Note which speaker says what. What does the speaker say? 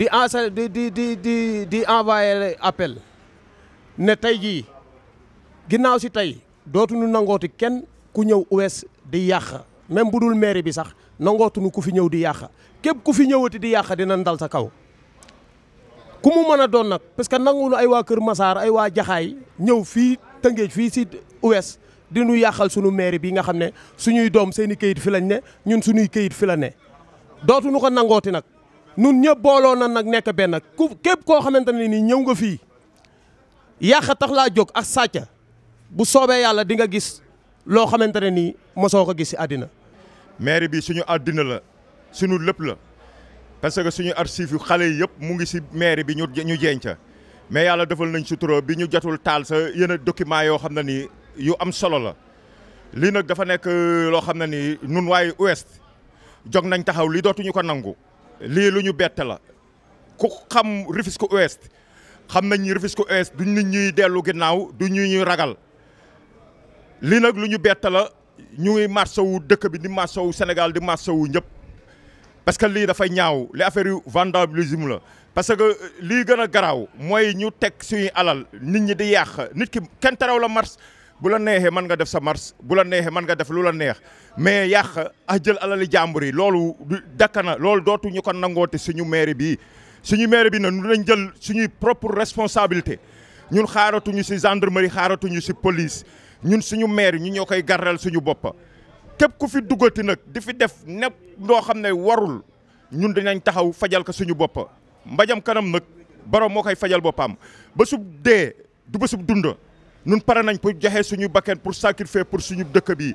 Speaker 1: di asal di di di di di envoyé appel ne tey gi ginnaaw si tey dootuñu nangoti ken ku ñew US di yàq même budul maire bi sax nangootuñu ku fi ñew di yàq kep ku fi ñewati di yàq dina ndal sa kaw ku mu meuna don nak parce que nanguwuñu ay wa keur massar ay wa jaxay ñew fi fi si US di nu yàqal sunu maire bi nga xamne ne suñuy dom seeni keuyit fi lañ ne ñun suñuy keuyit fi la ne dootuñu ko nangoti nak nun ñe bolo na nak nek ben kep ko xamanteni ni ñew nga fi ya kha tax la jog ak sàcca bu
Speaker 2: sobe yalla di nga gis lo xamanteni ni nii ko gis si maire bi suñu adina la suñu lepp la parce que suñu archive yu xalé yep mu ngi ci maire bi ñu ñu jeenca mais yalla defal nañ bi ñu jatul tal sa yene document yo xamna ni yu am solo la li nak dafa nek lo xamna ni nun way ouest jog nañ taxaw li dootuñu ko nangu lii lu ñu bett la ku xam Rufisque Ouest xam nañ ni Rufisque Ouest duñ nit ñuy dellu ginnaaw du ñu ñuy ragal lii nag lu ñu bett la ñu ngi marsawu dëkk bi di marsawu Sénégal di marsawu ñëpp parce que lii dafay ñaaw li affaire yu vandalisme la parce que lii gën a garaaw mooy ñu teg suñuy alal nit ñi di yàq nit ki kenn teraw la mars bu la neexee mën nga def sa mars bu la neexee mën nga def lu la neex mais yàq a ah, jël alali jàmbur yi loolu dakka na loolu dootuñu ko nangoote suñu maire bi suñu maire bi nag ñu lañ jël suñuy propre responsabilité ñun xaaratuñu si gendarmerie xaaratuñu si police ñun suñu maire ñu ñoo koy garral suñu bopp képp ku fi duggati nag di fi def nepp loo xam ne warul ñun dinañ taxaw fajal ko suñu bopp mbajam kanam nag borom moo koy fajal boppam ba sub dee du ba sub nun pare nañ pour joxe suñu bakkan pour sacrifier pour suñu dëkk bi